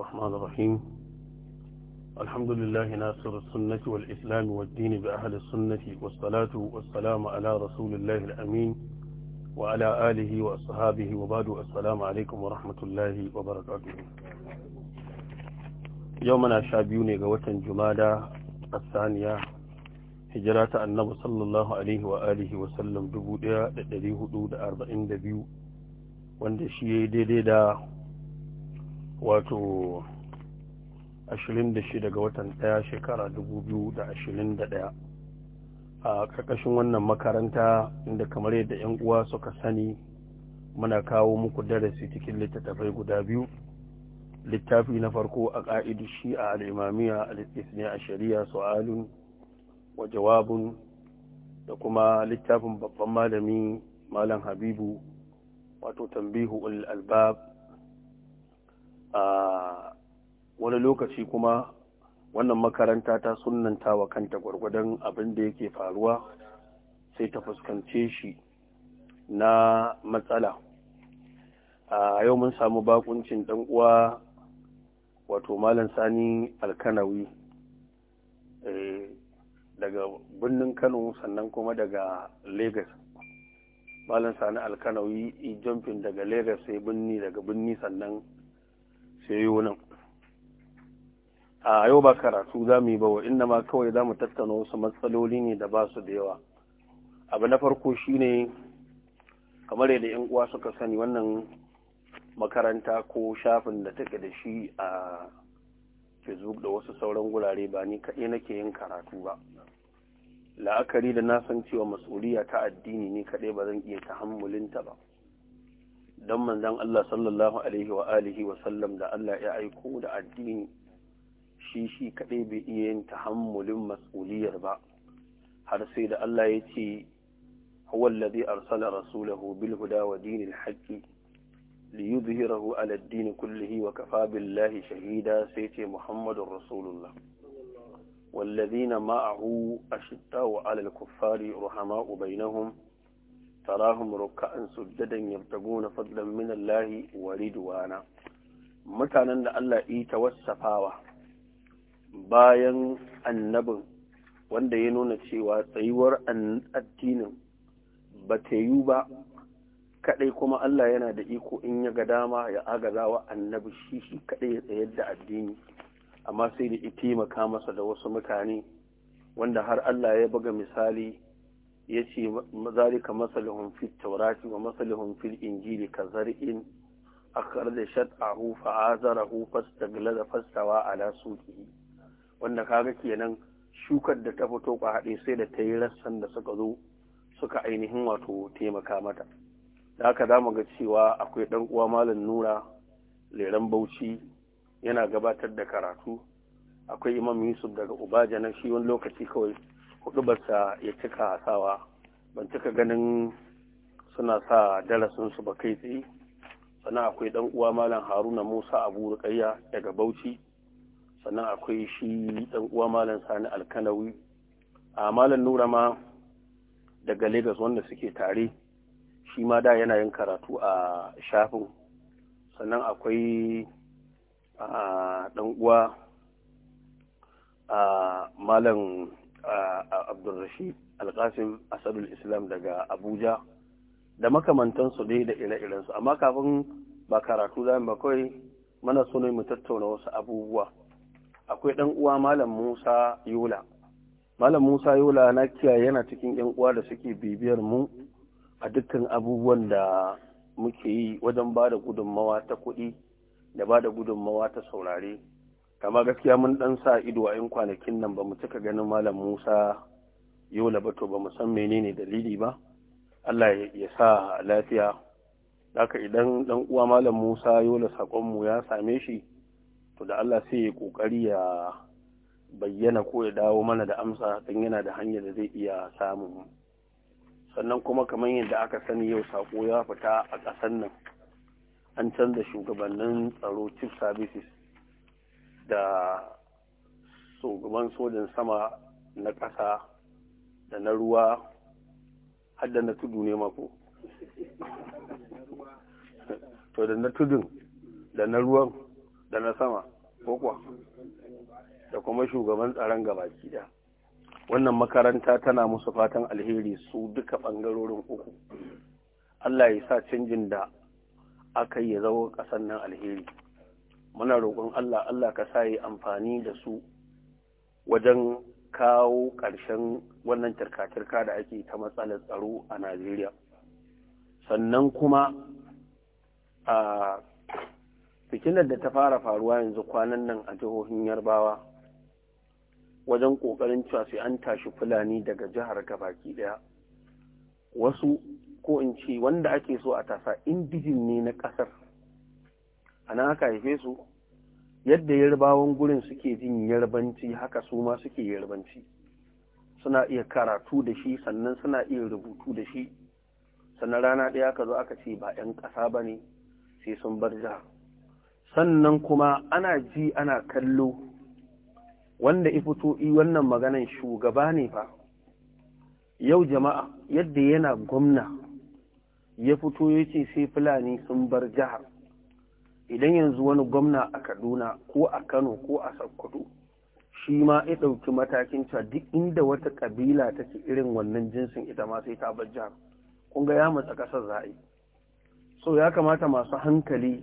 الرحمن الرحيم الحمد لله ناصر السنة والإسلام والدين بأهل السنة والصلاة والسلام على رسول الله الأمين وعلى آله وأصحابه وبعد السلام عليكم ورحمة الله وبركاته يومنا شابيون قوة جمالا الثانية هجرة النبي صلى الله عليه وآله وسلم دبودة لديه دود أربعين دبيو وندشيه ديدي دا wato da 26 daga watan ɗaya shekara 2021 a ƙarƙashin wannan makaranta inda kamar yadda 'yan uwa suka sani muna kawo muku darasi cikin littattafai guda biyu littafi na farko a ƙa'idu shi a al'imamiya al'isniya a shari'a su'alun wa jawabun da kuma littafin babban malami malam habibu wato tambihu albab a wani lokaci kuma wannan makaranta ta sunanta wa kanta gwargwadon abin da yake faruwa sai ta fuskance shi na matsala a yau mun samu bakuncin dan uwa wato malam sani alkanawi eh, daga birnin kano sannan kuma daga lagos malam sani alkanawi jumping daga lagos sai birni daga birni sannan sai nan a yau ba karatu za mu yi ba wa inda ma kawai za mu tattauna wasu matsaloli ne da ba su da yawa abu na farko shine kamar yadda yan uwa suka sani wannan makaranta ko shafin da take da shi a facebook da wasu sauran gurare ba ni kaɗai nake yin karatu ba la'akari da na san cewa mas'uliya ta addini ne kaɗai ba zan iya ta ba don manzan Allah sallallahu Alaihi wa alihi da Allah ya aiko da addini shishi shi kaɗai bai iya yin tahammulin mas'uliyar ba har sai da Allah ya ce huwallazi arsala rasulahu bil huda wa dinil haqqi li yuzhirahu ala ad-din kullihi wa kafa billahi shahida sai ce muhammadur rasulullah wallazina ma'ahu ashiddaw ala al-kuffari rahama'u bainahum tarahum ruka'an sujjadan yabtaguna fadlan min Allah wa ridwana mutanen da Allah yi tawassafawa bayan annabin wanda ya nuna cewa tsayuwar addinin ba ta yi ba kadai kuma Allah yana da iko in ya ga dama ya agazawa annabi shi shi kadai ya tsayar da addini amma sai da ya taimaka masa da wasu mutane wanda har Allah ya buga misali ya ce zalika masalihun fi taurati wa masalihun fil injili ka zar'in akhrada shat'ahu fa azarahu fastaglada fastawa ala suki wanda kaga kenan shukar da ta fito kwa haɗe sai da ta yi rassan da suka zo suka ainihin wato taimaka mata da haka za mu ga cewa akwai ɗan uwa malam nura leran bauchi yana gabatar da karatu akwai imam yusuf daga ubaja na shi wani lokaci kawai kudubarsa ya cika sawa ban cika ganin suna sa darasinsu ba kai tsaye sannan akwai dan uwa malam haruna musa abu rukayya daga bauchi sannan akwai shi dan uwa malam sani alkanawi a malam nura ma daga lagos wanda suke tare shi ma da yana yin karatu a shafin sannan akwai dan uwa a malam abdulrashid alkasim asadul islam daga abuja da makamantansu dai da ire-irensu amma kafin ba karatu zai ba kawai mana so mu tattauna wasu abubuwa akwai ɗan uwa malam musa yola malam musa yola na kiyaye yana cikin yan uwa da suke bibiyar mu a dukkan abubuwan da muke yi wajen ba da gudunmawa ta kuɗi da ba da gudunmawa ta saurare kama gaskiya mun dan sa ido a 'yan kwanakin nan ba mu cika ganin malam musa yau ba bato ba mu san menene dalili ba allah ya sa lafiya haka idan dan uwa malam musa yola mu ya same shi to da allah sai ya kokari ya bayyana ko ya dawo mana da amsa don yana da hanyar da zai iya samun sannan kuma kamar yadda aka sani yau sako ya fita a ƙasar nan an canza shugabannin tsaro chief services da shugaban sojin sama na ƙasa da na ruwa da na tudu ne mako to da na tudun da na ruwan da na sama ko kuwa da kuma shugaban tsaron gabaki da wannan makaranta tana musu fatan alheri su duka ɓangarorin uku Allah ya sa canjin da aka yi zawo ƙasar nan alheri muna roƙon Allah Allah ka sa yi amfani da su wajen kawo ƙarshen wannan tarka-tarka da ake ta matsalar tsaro a Najeriya sannan kuma a fikinar da ta fara faruwa yanzu kwanan nan a jihohin Yarbawa wajen ƙoƙarin cewa sai an tashi Fulani daga jihar gabaki ɗaya wasu ko in ce wanda ake so a tasa indijin ne na ƙasar a nan haka haife su yadda yarbawan gurin suke jin yarbanci haka su ma suke yarbanci suna iya karatu da shi sannan suna iya rubutu da shi sannan rana ɗaya aka zo aka ce ba 'yan ƙasa ba ne sai sun bar jiha sannan kuma ana ji ana kallo wanda fito i wannan maganan shugaba ne fa yau jama'a yadda yana gwamna ya fito ya ce sai fulani sun bar jihar idan yanzu wani gwamna a kaduna ko a kano ko a sokoto shi ma ya ɗauki matakin cewa duk inda wata ƙabila take irin wannan jinsin ita ma sai ta bar jihar kun ga ya matsa ƙasar za so ya kamata masu hankali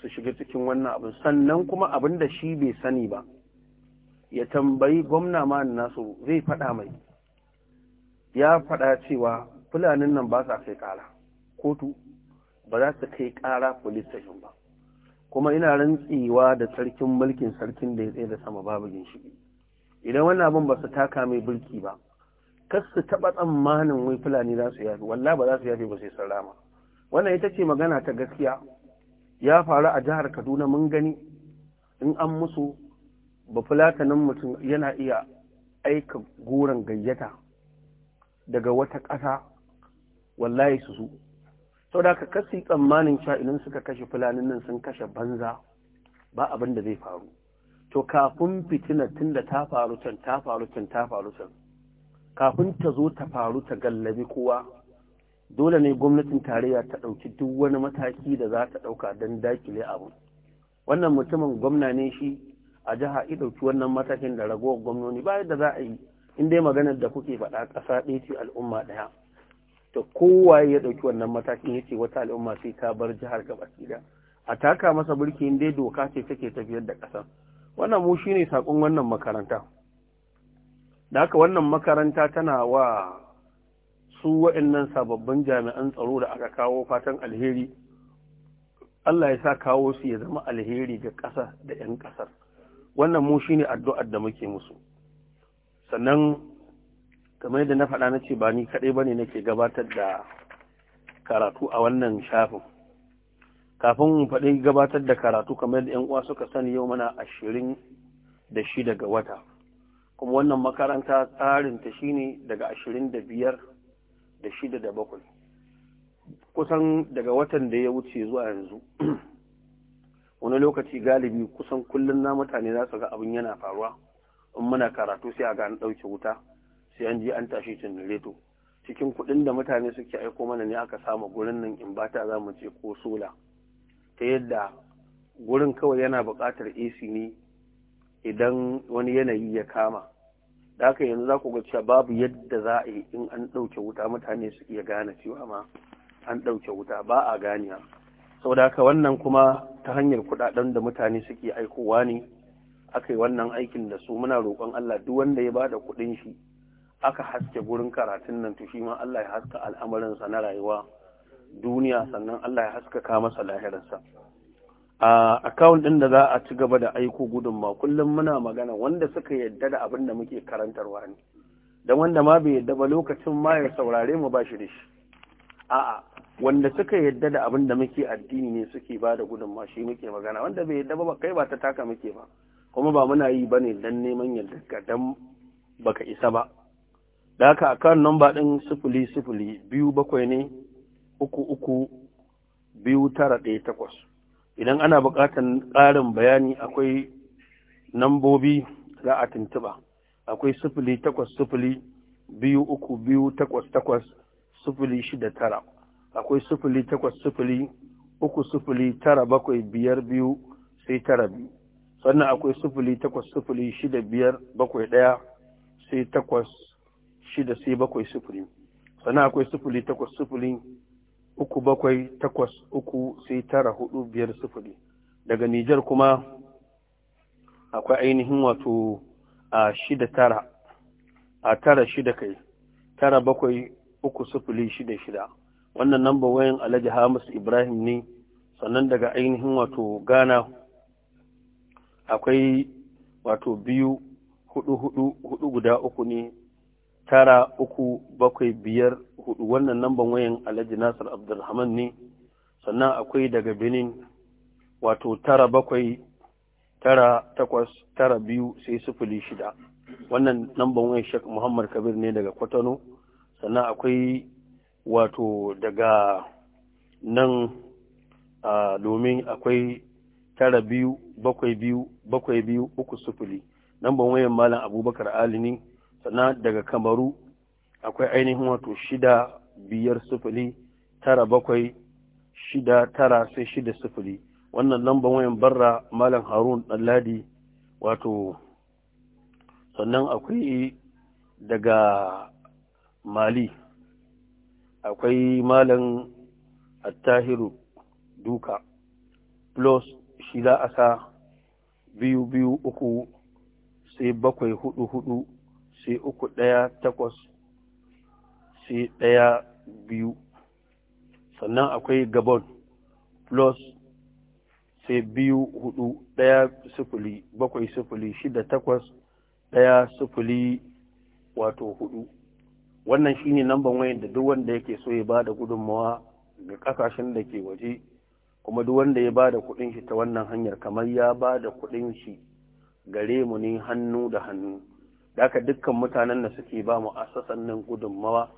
su shiga cikin wannan abin sannan kuma abin da shi bai sani ba ya tambayi gwamna ma nasu zai faɗa mai ya faɗa cewa fulanin nan ba sa kai ƙara kotu ba za su kai ƙara police station ba kuma ina rantsewa da sarkin mulkin sarkin da ya tsaye da sama babu shi. idan wani abin ba su taka mai bulki ba kas su taɓa tsammanin wai fulani za su yafi walla ba za su yafi ba sai sun rama wannan ita ce magana ta gaskiya ya faru a jihar kaduna mun gani in an musu ba fulatanin mutum yana iya aika goron gayyata daga wata ƙasa wallahi su su sau da ka kasi tsammanin cewa idan suka kashe fulanin nan sun kashe banza ba abin da zai faru to kafin fitina tun da ta faru can ta faru can ta faru can kafin ta zo ta faru ta gallabi kowa dole ne gwamnatin tarayya ta ɗauki duk wani mataki da za ta ɗauka don dakile abu wannan mutumin gwamna ne shi a jiha i ɗauki wannan matakin da ragowar gwamnoni ba yadda za a yi in dai maganar da kuke faɗa ƙasa ɗaya ce al'umma ɗaya Da kowa ya ɗauki wannan matakin ya ce wata al'umma sai ta bar jihar gabaki da a taka masa burki in dai doka ce take tafiyar da ƙasa wannan mu shine sakon wannan makaranta da haka wannan makaranta tana wa su waɗannan sababbin jami'an tsaro da aka kawo fatan alheri Allah ya sa kawo su ya zama alheri ga ƙasa da 'yan ƙasar wannan mu shine addu'ar da muke musu sannan kamar yadda na faɗa na ce ba ni kaɗai ba ne nake gabatar da karatu a wannan shafin kafin faɗi gabatar da karatu kamar yadda 'yan uwa suka sani yau mana ashirin da shi daga wata kuma wannan makaranta tsarinta ne daga ashirin da biyar da shida da bakwai kusan daga watan da ya wuce zuwa yanzu wani lokaci galibi kusan kullum na mutane za su ga abin yana faruwa in muna karatu sai a ga an ɗauke wuta sai an je an tashi janareto cikin kuɗin da mutane suke aiko mana ne aka samu gurin nan in bata za mu ce ko sola ta yadda gurin kawai yana buƙatar AC ne idan wani yanayi ya kama da haka yanzu za ku ga cewa babu yadda za a yi in an ɗauke wuta mutane su iya gane cewa ma an ɗauke wuta ba a ganiya saboda haka wannan kuma ta hanyar kuɗaɗen da mutane suke aikowa ne aka yi wannan aikin da su muna roƙon Allah duk wanda ya bada kuɗin shi aka haske gurin karatun nan to shi ma Allah ya haska al'amarinsa na rayuwa duniya sannan Allah ya haskaka masa lahirarsa a akawun ɗin da za a ci gaba da aiko gudunma kullum muna magana wanda suka yadda da abin da muke karantarwa ne don wanda ma bai yadda ba lokacin ma ya saurare mu ba shi da shi a'a wanda suka yadda da abin da muke addini ne suke ba da gudunma shi muke magana wanda bai yadda ba kai ba ta taka muke ba kuma ba muna yi bane dan neman yadda ka dan baka isa ba da haka akan nomba ɗin sifili sifili biyu bakwai ne uku uku biyu tara ɗaya takwas idan ana buƙatar ƙarin bayani akwai nambobi za a tuntuɓa akwai sifili takwas sifili biyu uku biyu takwas takwas sifili shida tara akwai sifili takwas sifili uku sifili tara bakwai biyar biyu sai tara biyu sannan akwai sifili takwas sifili shida biyar bakwai ɗaya sai takwas shida sai bakwai sufuri sannan akwai sufuri takwas sufuri uku bakwai takwas uku sai tara hudu biyar sufuri daga nijar kuma akwai ainihin wato a shida tara a tara shida kai tara bakwai uku sufuri shida shida wannan namba wayan alhaji hamis ibrahim ne sannan daga ainihin wato ghana akwai wato biyu hudu hudu hudu guda uku ne tara uku bakwai biyar hudu wannan namban wayan alhaji nasir abdulrahman ne sannan akwai daga benin wato tara bakwai tara takwas tara biyu sai sufuli shida wannan namban wayan shek muhammad kabir ne daga kwatano sannan akwai wato daga nan a domin akwai tara biyu bakwai biyu bakwai biyu uku sufuli namban wayan malam abubakar ali ne na daga kamaru akwai ainihin wato shida biyar sufuli tara bakwai shida tara sai shida sufuli wannan lambar wayan barra malam harun ɗanladi wato sannan akwai daga mali akwai malam attahiru duka plus shida za biyu biyu uku sai bakwai hudu hudu sai uku ɗaya takwas sai ɗaya biyu sannan akwai gabon plus sai biyu hudu ɗaya sufuli bakwai sufuli shida takwas ɗaya sufuli wato hudu wannan shine namban wayan da duk wanda yake so ya bada da gudunmawa ga kasashen da ke waje kuma duk wanda ya bada da kudin shi ta wannan hanyar kamar ya bada da kudin shi gare mu ne hannu da hannu Daka dukkan mutanen da suke ba mu asasan nan gudunmawa,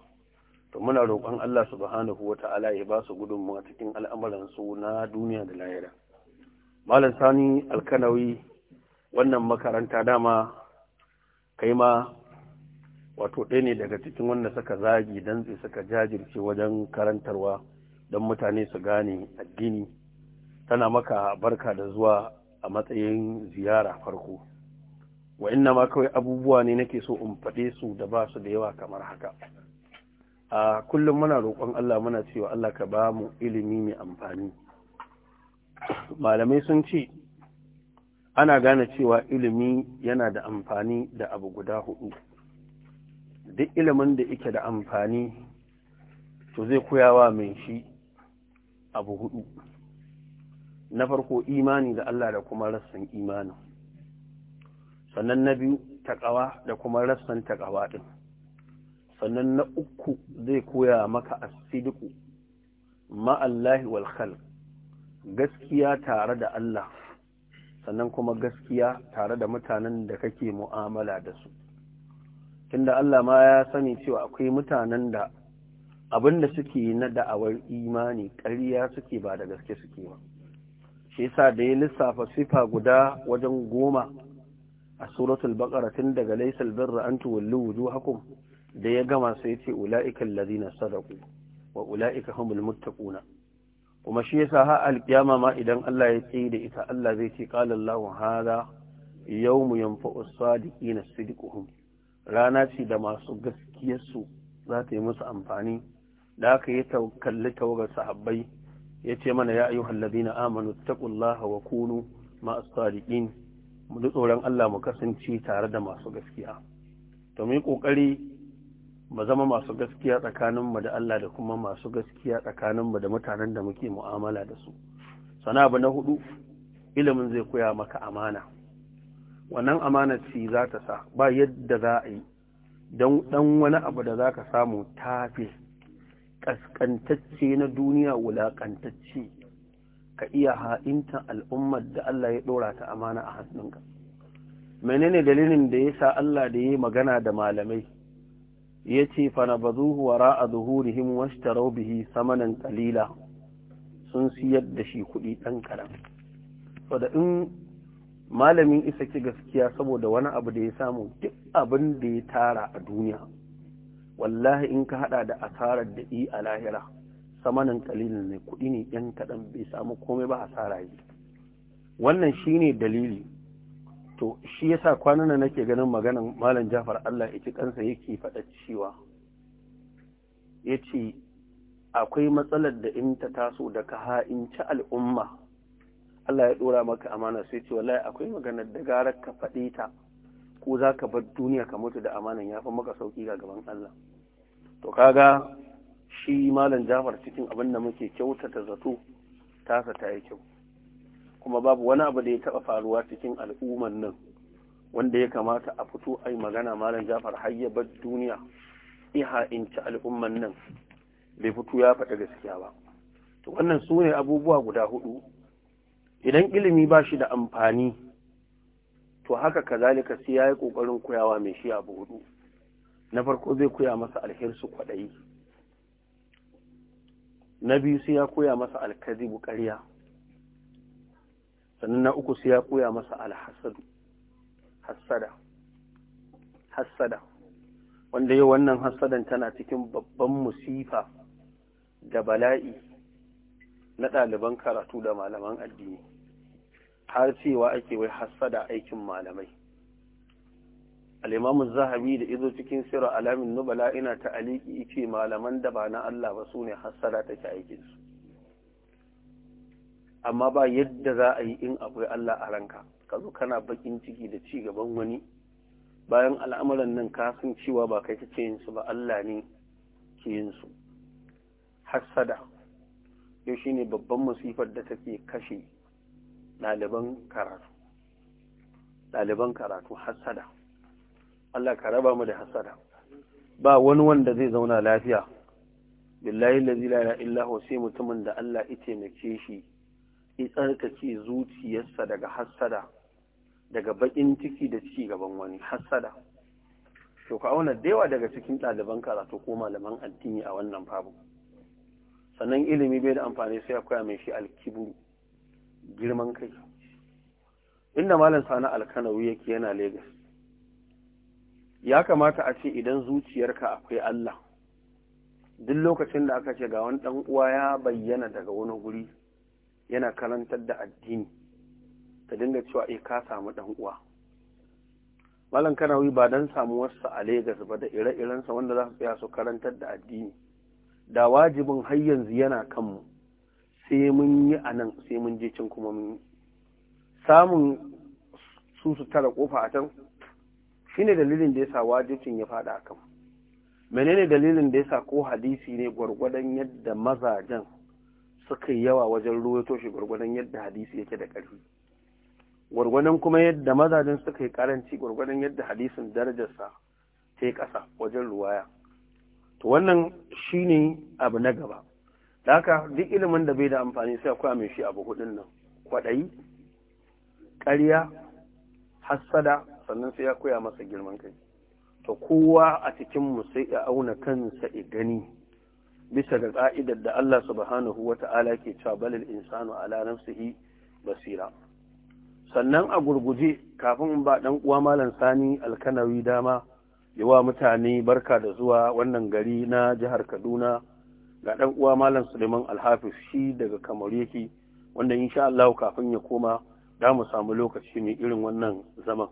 to muna roƙon Allah subhanahu wa ta'ala ya ba su gudunmawa cikin al'amuran su na duniya da lahira. Malam Sani Alkanawi wannan makaranta dama kai ma wato ɗaya ne daga cikin wanda suka zagi dan suka jajirce wajen karantarwa don mutane su gane addini tana maka barka da zuwa a matsayin ziyara farko. wa inna ma kawai abubuwa ne nake so in faɗe su da ba su da yawa kamar haka a kullum muna roƙon Allah muna cewa Allah ka ba mu ilimi mai amfani malamai sun ce ana gane cewa ilimi yana da amfani da abu guda hudu duk ilimin da yake da amfani to zai koyawa mai shi abu hudu na farko imani da Allah da kuma rassan imanin sannan na biyu takawa da kuma rassan taƙawa ɗin sannan na uku zai koya maka asidiku ma'allahi walhal gaskiya tare da Allah sannan kuma gaskiya tare da mutanen da kake mu'amala da su tunda Allah ma ya sani cewa akwai mutanen da abin da suke na da'awar imani ƙarya suke ba da gaske suke ba shi yasa da ya lissafa sifa guda wajen goma a suratul baqara tun daga laysal birra an tuwallu wujuhakum da ya gama sai yace ulaika allazina sadaqu wa ulaika humul muttaquna kuma shi yasa ha alkiyama ma idan Allah ya tsaye da ita Allah zai ce qala Allahu mu yawmu yanfa'u as-sadiqina sidquhum rana ce da masu gaskiyar su za ta yi musu amfani da aka yi kalli tawagar sahabbai ya ce mana ya ayyuhal ladina amanu taqullaha wa kunu ma'as sadiqin mu ji tsoron Allah mu kasance tare da masu gaskiya to mu yi kokari mu zama masu gaskiya tsakanin tsakaninmu da Allah da kuma masu gaskiya tsakanin tsakaninmu da mutanen da muke mu'amala da su sana abu na hudu ilimin zai koya maka amana wannan amana ce za ta sa ba yadda za a yi don dan wani abu da za ka samu tafi kaskantacce na duniya wulaƙantacce. ka iya haɗintan al'ummar da Allah ya ɗora ta amana a hannunka. Menene dalilin da ya sa Allah da ya magana da malamai, ya ce, Fana ba zuhu ra'a zuhurihim washtarau raubihi samanin ƙalila sun siyar da shi kuɗi ɗan karam. So in malamin isa ki gaskiya saboda wani abu da ya samu duk abin da ya tara a duniya, wallahi in ka haɗa da asarar da i a lahira. samanin kalilin ne kuɗi ne ɗan kaɗan bai samu komai ba asara yi wannan shi ne dalili to shi ya sa kwanan na nake ganin maganan malam Jafar Allah ya ci kansa yake faɗa cewa ce akwai matsalar da in ta taso da ka ha'inci al'umma Allah ya ɗora maka amana sai ce wallahi akwai maganar da gara ka faɗe ta ko za ka bar duniya ka mutu da amanan ya fi maka sauki ga gaban Allah to kaga shi malam jafar cikin abin da muke kyautata zato tasa ta yi kyau kuma babu wani abu da ya taɓa faruwa cikin al'ummar nan wanda ya kamata a fito a yi magana malam jafar hayyabar duniya iha in ci al'ummar nan bai fito ya faɗi gaskiya ba to wannan su ne abubuwa guda hudu idan ilimi ba shi da amfani to haka kazalika sai ya yi ƙoƙarin koyawa mai shi abu hudu na farko zai koya masa su kwaɗayi na biyu sai ya koya masa alkazibu ƙarya sannan na uku sai ya koya masa alhassadu hassada hassada wanda yau wannan hassadan tana cikin babban musifa da bala'i na ɗaliban karatu da malaman addini har cewa ake wai hassada aikin malamai al'imamu zahabi da izo cikin sirar alamin nubala ina ta aliki ce malaman da ba na Allah ba su ne hassada take su amma ba yadda za a yi in akwai Allah a ranka ka zo kana bakin ciki da ci gaban wani bayan al'amuran nan ka san cewa ba kai kake yin su ba Allah ne ke yin su hassada yau shine babban musifar da take kashe ɗaliban karatu ɗaliban karatu hassada Allah ka raba mu da hasada ba wani wanda zai zauna lafiya billahi la ilaha illa huwa sai mutumin da Allah ya taimake shi ya tsarkake zuciyarsa daga hasada daga bakin ciki da ci gaban wani hasada to ka auna daya daga cikin ɗaliban karatu ko malaman addini a wannan babu sannan ilimi bai da amfani sai ya koya mai shi alkibru girman kai inda malam sani alkanawi yake yana Legas. ya kamata a ce idan zuciyarka akwai Allah duk lokacin da aka ce ga wani ɗan uwa ya bayyana daga wani guri yana karantar da addini ka dinga cewa eh ka samu ɗan uwa malam kanawi ba don wasu a Legas ba da ire-irensa wanda za su tsaya su karantar da addini da wajibin har yanzu yana kanmu sai mun yi a nan sai mun je can kuma mun yi samun su su tara kofa a can shine dalilin da yasa wajibcin ya fada akan menene dalilin da yasa ko hadisi ne gwargwadon yadda mazajen suka yi yawa wajen ruwaito shi gwargwadon yadda hadisi yake da ƙarfi gwargwadon kuma yadda mazajen suka yi karanci gwargwadon yadda hadisin darajarsa ta yi ƙasa wajen ruwaya to wannan shine abu na gaba da haka duk ilimin da bai da amfani sai akwai mai shi abu hudun nan kwaɗayi ƙarya hassada sannan sai ya koya masa girman kai to kowa a cikin mu sai ya auna kansa ya gani bisa ga ka'idar da Allah subhanahu wata'ala ke cewa balil insanu ala nafsihi basira sannan a gurguje kafin ba dan uwa malam sani alkanawi dama yawa mutane barka da zuwa wannan gari na jihar Kaduna ga dan uwa malam Suleiman Alhafiz shi daga Kamaru yake wanda insha Allah kafin ya koma da mu samu lokaci ne irin wannan zaman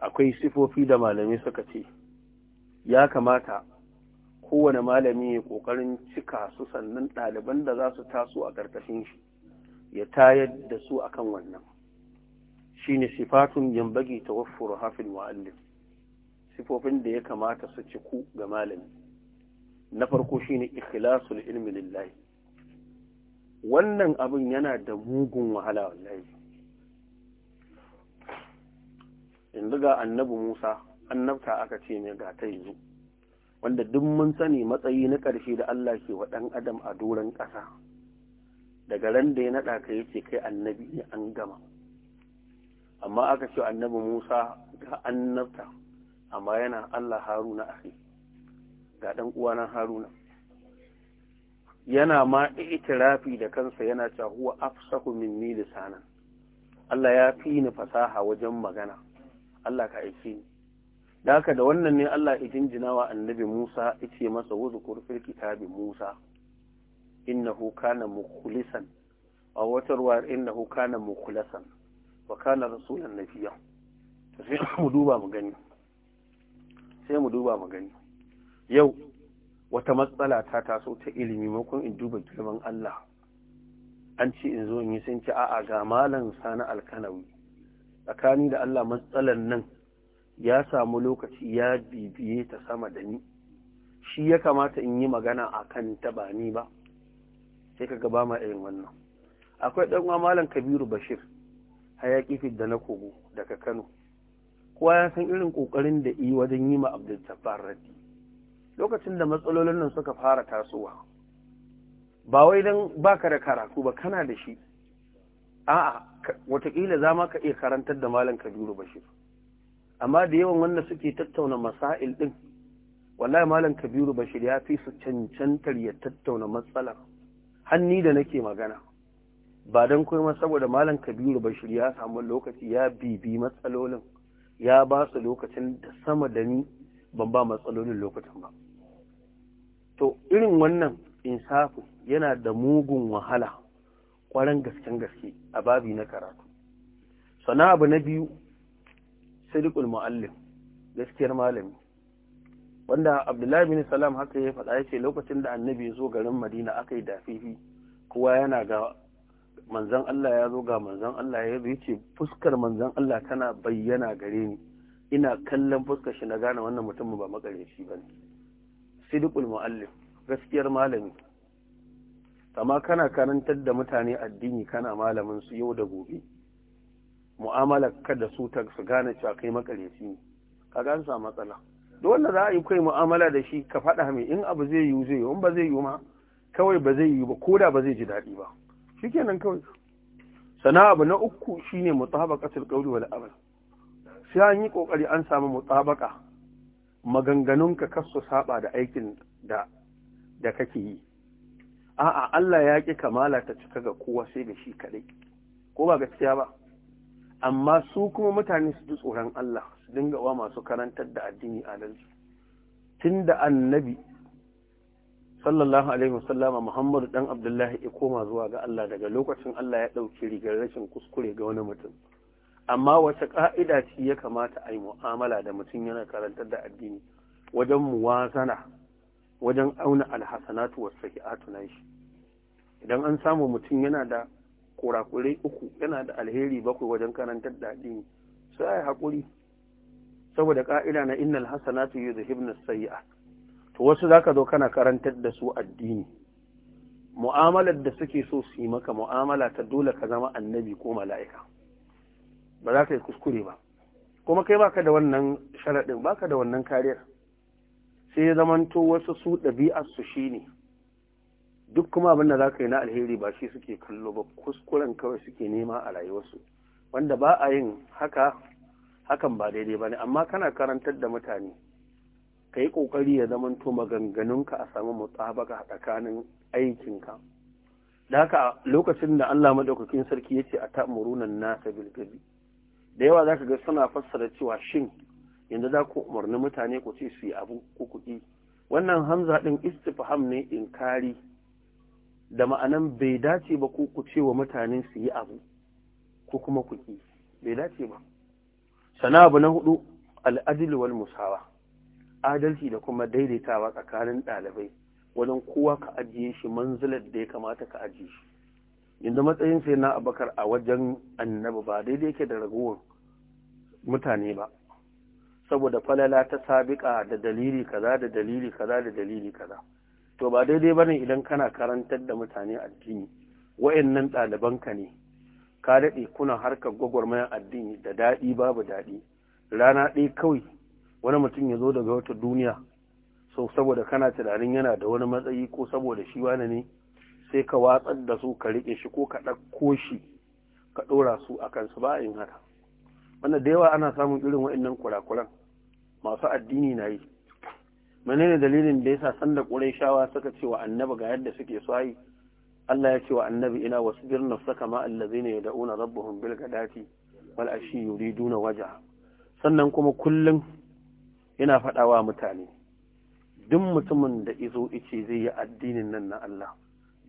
akwai sifofi da malamai suka ce ya kamata kowane malami ya ƙoƙarin cika su sannan ɗaliban da za su taso a ƙarƙashin shi ya tayar da su akan wannan Shi shine sifatun yambagi tawaffur hafin mu'allim sifofin da ya kamata su ci ku ga malami na farko shi ne ikhlasul ilmi lillahi wannan abin yana da mugun wahala wallahi yanzu ga annabi Musa annabta aka ce ne ga ta yanzu wanda duk mun sani matsayi na ƙarshe da Allah ke wa ɗan adam a doron ƙasa daga ran da ya naɗa ka yace kai annabi ne an gama amma aka ce annabi Musa ga annabta amma yana Allah Haruna ahi ga ɗan uwana Haruna yana ma itirafi da kansa yana cewa huwa afsahu minni lisanan Allah ya fi ni fasaha wajen magana Allah ka aike ni da haka da wannan ne Allah ya jinjina wa annabi Musa yace masa wuzu fil kitabi Musa innahu kana mukhlisan aw watarwa innahu kana mukhlasan wa kana rasulan nabiyya sai mu duba mu gani sai mu duba mu gani yau wata matsala ta taso ta ilimi makon in duba girman Allah an ce in zo in yi sun ci a'a ga malam sani alkanawi tsakani da Allah matsalan nan ya samu lokaci ya bibiye ta sama da ni shi ya kamata in yi magana a kan ba ni ba sai ka gaba ma irin wannan akwai ɗan uwa malam kabiru bashir hayaƙi fit da na kogo daga kano kowa ya san irin ƙoƙarin da yi wajen yi ma abdul jabbar lokacin da matsalolin nan suka fara tasowa ba wai don baka da karatu ba kana da shi a'a watakila za ma ka iya karantar da malam kabiru bashir amma da yawan wanda suke tattauna masail din wallahi malam kabiru bashir ya fi su cancantar ya tattauna matsalar hanni da nake magana ba don kuma saboda malam kabiru bashir ya samu lokaci ya bibi matsalolin ya ba su lokacin da sama da ni ban ba matsalolin lokacin ba to irin wannan insafi yana da mugun wahala Ƙwaron gasken gaske a babi na karatu sana abu na biyu sadiqul muallim gaskiyar malami wanda abdullahi bin salam haka ya faɗa ya ce lokacin da annabi ya zo garin madina aka yi dafifi kowa yana ga manzan Allah ya zo ga manzan Allah ya zo ce fuskar manzan Allah tana bayyana gare ni ina kallon fuskar shi na gane wannan mutum ba makareci ba ne sidikul mu'allim gaskiyar malami amma kana karantar da mutane addini kana malamin su yau da gobe mu'amala kada su ta su gane cewa kai makareci ne ka gane sa matsala duk wanda za a yi kai mu'amala da shi ka faɗa mai in abu zai yiwu zai yiwu in ba zai yiwu ma kawai ba zai yiwu ba ko da ba zai ji daɗi ba shikenan kawai sana abu na uku shine ƙasar qawli wal amal sai an yi ƙoƙari an samu maganganun ka kasu saɓa da aikin da da kake yi a'a Allah ya ƙi kamala ta cika ga kowa sai da shi kaɗai ko ba gaskiya ba amma su kuma mutane su ji tsoron Allah su dinga wa masu karantar da addini adalci tun da annabi sallallahu alaihi wasallama Muhammadu dan Abdullahi ya koma zuwa ga Allah daga lokacin Allah ya ɗauki rigar rashin kuskure ga wani mutum amma wace ka'ida ce ya kamata a yi mu'amala da mutum yana karantar da addini wajen muwazana wajen auna alhassanatu wa sahi'atu shi idan an samu mutum yana da kurakure uku yana da alheri bakwai wajen karantar da addini sai ai hakuri saboda ka'ida na innal hasanatu yuzhibna sahi'a to wasu zaka zo kana karantar da su addini mu'amalar da suke so su yi maka mu'amala ta dole ka zama annabi ko mala'ika ba za ka yi kuskure ba kuma kai baka da wannan sharadin baka da wannan kariyar sai ya zamanto wasu su ɗabi'arsu shi ne duk kuma abin da za ka yi na alheri ba shi suke kallo ba kuskuren kawai suke nema a rayuwarsu wanda ba a yin haka hakan ba daidai ba ne amma kana karantar da mutane ka yi ƙoƙari ya zamanto maganganunka a samu mutabaka tsakanin aikinka da haka lokacin da Allah madaukakin sarki ya ce a tamuruna nasa bilkabi da yawa za zaka ga suna fassara cewa shin yanzu za ku umarni mutane ku ce su yi abu ku kuɗi wannan hamza ɗin istifham ne inkari da ma'anan bai dace ba ku ku ce wa mutane su yi abu ko kuma ku ƙi bai dace ba sana abu na hudu al'adil wal musawa adalci da kuma daidaitawa tsakanin ɗalibai wajen kowa ka ajiye shi manzilar da ya kamata ka ajiye shi yanzu matsayin sai na abakar a wajen annabi ba daidai yake da ragowar mutane ba saboda falala ta sabiƙa da dalili kaza da dalili kaza da dalili kaza to ba daidai ba ne idan kana karantar da mutane addini wa'annan ɗalibanka ne ka daɗe kuna harkar gwagwarmayar addini da daɗi babu daɗi rana ɗaya kawai wani mutum ya zo daga wata duniya so saboda kana tunanin yana da wani matsayi ko saboda shi wani ne sai ka watsar da su ka riƙe shi ko ka ɗauko shi ka ɗora su a kansu ba a yin haka wanda da yawa ana samun irin wa'annan kurakuran masu addini na yi menene dalilin da yasa sanda shawa suka ce wa annabi ga yadda suke so yi Allah ya ce wa annabi ina wasbir nafsaka ma allazina yad'una rabbuhum bil gadati wal ashi yuriduna wajha sannan kuma kullum yana faɗawa mutane duk mutumin da izo ice zai yi addinin nan na Allah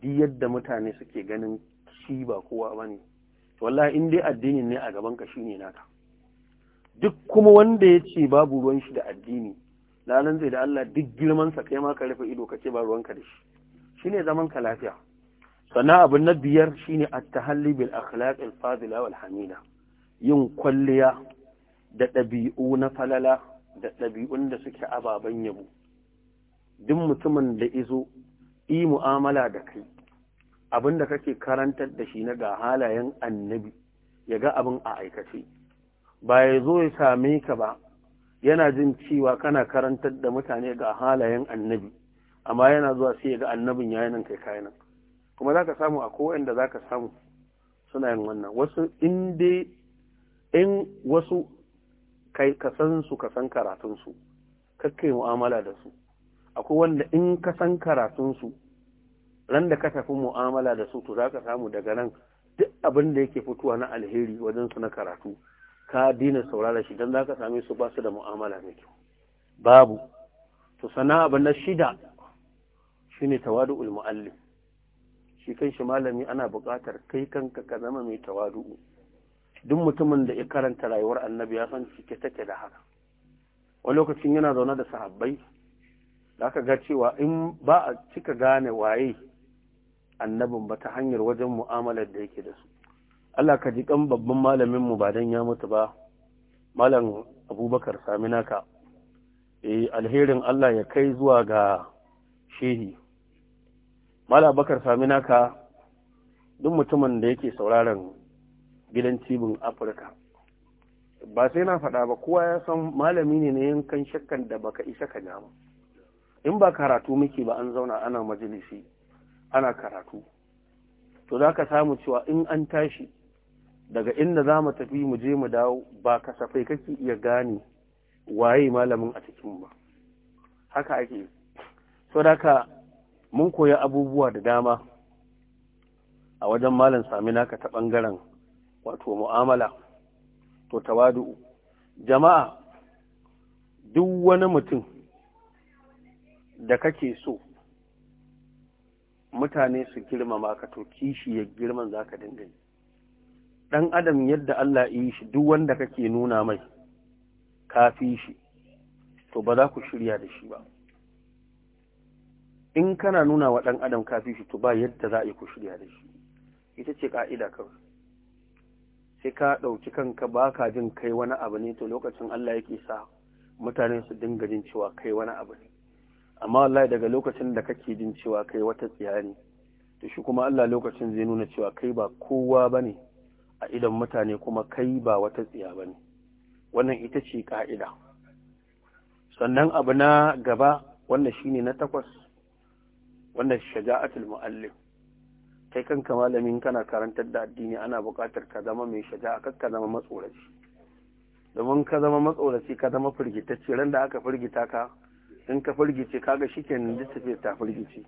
duk yadda mutane suke ganin shi ba kowa bane wallahi in dai addinin ne a gaban ka shine naka duk kuma wanda ya ce babu ruwan shi da addini lalan zai da Allah duk girman sa kai ma ka rufe ido ka ce ba ruwanka da shi shine zaman ka lafiya sannan abu na biyar shine at-tahalli bil akhlaq al-fadila wal hamida yin kwalliya da ɗabi'u na falala da ɗabi'un da suke ababen yabo duk mutumin da izo yi mu'amala da kai abin da kake karantar da shi na ga halayen annabi ya ga abin a aikace ba ya zo ya same ka ba yana jin cewa kana karantar da mutane ga halayen annabi amma yana zuwa sai ga annabin yi nan kai kayan kuma za ka samu a inda da ka samu suna yin wannan wasu in dai in wasu kai ka san su ka san karatun su kakkai mu'amala da su akwai wanda in ka san karatun su ran da ka tafi mu'amala da su to za ka samu daga nan duk abin da yake fitowa na alheri wajen su na karatu ka dina saurara shi don za ka same su ba su da mu'amala mai kyau babu to sana abu na shida shi ne tawadu'ul mu'allim shi kan shi malami ana buƙatar kai kanka ka zama mai tawadu'u duk mutumin da ya karanta rayuwar annabi ya san cike take da haka wani lokacin yana zaune da sahabbai da aka ga cewa in ba a cika gane waye annabin ba ta hanyar wajen mu'amalar da yake da su Allah ka ji kan babban malamin mu ba dan ya mutu ba malam Abubakar sami naka eh alherin Allah ya kai zuwa ga shehi malam Abubakar sami naka duk mutumin da yake sauraron gidan cibin Afirka ba sai na faɗa ba kowa ya san malami ne na yankan shakkan da baka isa ka ja in ba karatu muke ba an zauna ana majalisi ana karatu to za ka samu cewa in an tashi daga inda za mu tafi mu je mu dawo ba kasafai kake iya gane waye malamin a cikin ba haka ake so haka mun koya abubuwa da dama a wajen malam sami naka ta ɓangaren wato mu'amala to tawadu jama'a duk wani mutum da kake so mutane su girmama ka to kishi ya girman za ka dinga yi ɗan adam yadda Allah yi shi duk wanda kake nuna mai kafi shi to ba za ku shirya da shi ba in kana nuna wa ɗan adam kafi shi to ba yadda za a yi ku shirya da shi ita ce ƙa'ida kawai sai ka ɗauki kanka ba ka jin kai wani abu ne to lokacin Allah yake sa mutane su dinga jin cewa kai wani abu ne amma wallahi daga lokacin da kake jin cewa kai wata tsiya ne to shi kuma Allah lokacin zai nuna cewa kai ba kowa bane a idan mutane kuma kai ba wata tsiya ba ne wannan ita ce ƙa'ida sannan abu na gaba shi shine na takwas wannan shaja'atul mu'allim kai kanka malamin kana karantar da addini ana buƙatar ka zama mai shaja'a kar ka zama matsoraci domin ka zama matsoraci ka zama firgitacce ran da aka firgita ka in ka firgice kaga shikenan duk ta firgice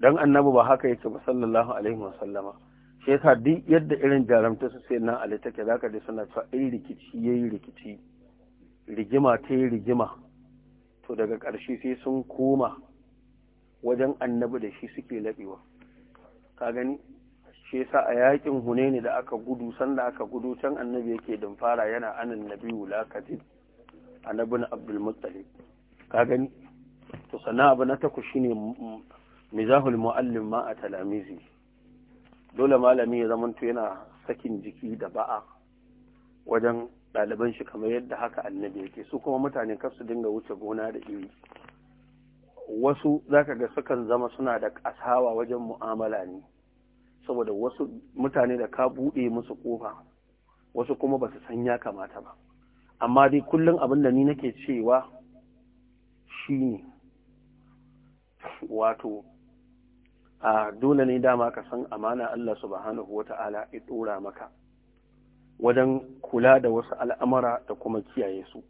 dan annabi ba haka yake ba sallallahu alaihi wasallama shi yasa duk yadda irin jaramta su sai na ali take zaka ji suna cewa ai rikici yayi rikici rigima ta yi rigima to daga ƙarshe sai sun koma wajen annabi da shi suke laɓewa ka gani shi yasa a yakin hunaini da aka gudu sanda aka gudu can annabi yake fara yana anan nabi wulakatin annabi na abdul muttalib ka gani to sana abu na taku shine mizahul muallim ma a talamizi dole malami ya zamanto yana sakin jiki da ba'a wajen ɗaliban shi kamar yadda haka annabi yake su kuma mutane kar su dinga wuce gona da iri wasu zaka ga sukan zama suna da kasawa wajen mu'amala ne saboda wasu mutane da ka buɗe musu ƙofa wasu kuma ba su san ya kamata ba amma dai kullum abin da ni nake cewa shine wato a dole ne dama ka san amana Allah subhanahu Ta'ala ya dora maka wajen kula da wasu al'amara da kuma kiyaye su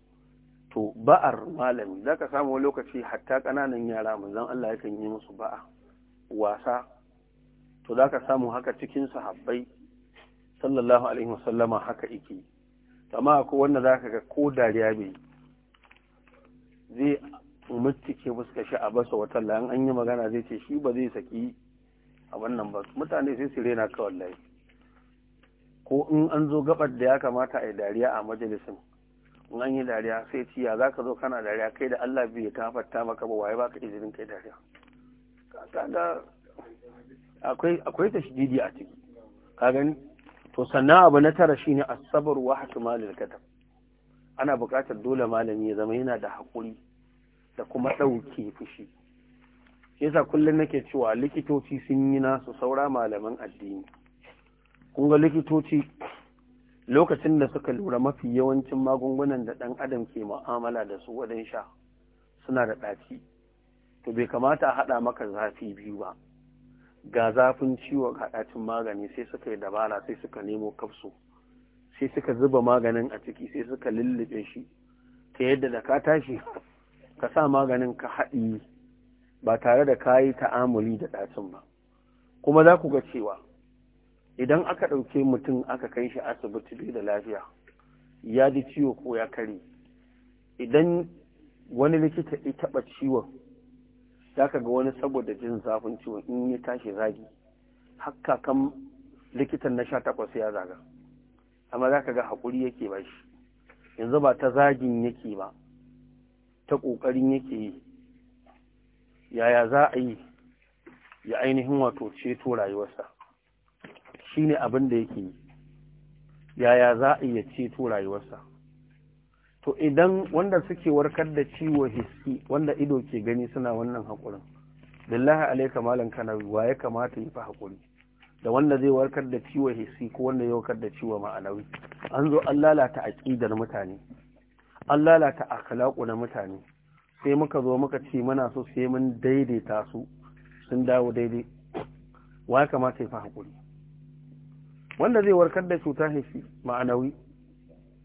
to ba'ar malami za ka samu lokaci hatta kananan yara manzon Allah yakan yi musu ba'a wasa to za ka samu haka cikin sahabbai sallallahu alaihi wasallama haka yake amma akwai wanda za ka ga ko dariya bai zai mutuke fuska shi a basa wata an yi magana zai ce shi ba zai saki a wannan ba mutane sai su rena ka wallahi ko in an zo gabar da ya kamata a yi dariya a majalisin in an yi dariya sai ya za ka zo kana dariya kai da Allah bai kafarta maka ba waye baka izinin kai dariya kaga akwai akwai tashdidi a ciki ka gani to sannan abu na tara shine asabar wa hatmalil kadab ana bukatar dole malami ya zama yana da haƙuri da kuma ɗauke fushi yasa kullum nake cewa likitoci sun yi nasu saura malaman addini kun ga likitoci lokacin da suka lura mafi yawancin magungunan da ɗan adam ke mu'amala da su wajen sha suna da ɗaci to bai kamata a haɗa maka zafi biyu ba ga zafin ciwo ga ɗacin magani sai suka yi dabara sai suka nemo kafso sai suka zuba maganin a ciki sai suka lullube shi ta yadda da ka tashi ka sa maganin ka haɗi ba tare da kayi ta'amuli da ɗacin ba kuma za ku ga cewa idan aka ɗauke mutum aka kai shi asibiti da lafiya ya ji ciwo ko ya kare idan wani likita ya taɓa ciwon za ka ga wani saboda jin zafin ciwon in ya tashi zagi hakka kan likitan na sha takwas ya zaga amma za ka ga haƙuri yake ba shi yanzu ba ta zagin yake ba ta ƙoƙarin yake yi yaya za a yi ya ainihin wato ceto rayuwarsa shi ne abin da yake yi yaya za a iya ceto rayuwarsa to idan wanda suke warkar da ciwo hiski wanda ido ke gani suna wannan haƙurin billahi alaika malam kana wa ya kamata yi fa haƙuri da wanda zai warkar da ciwo hiski ko wanda ya warkar da ciwo ma'anawi an zo an lalata aƙidar mutane an lalata akhlaqu na mutane sai muka zo muka ce muna so sai mun daidaita su sun dawo daidai wa ya kamata ya fi haƙuri wanda zai warkar da cuta haifi ma'anawi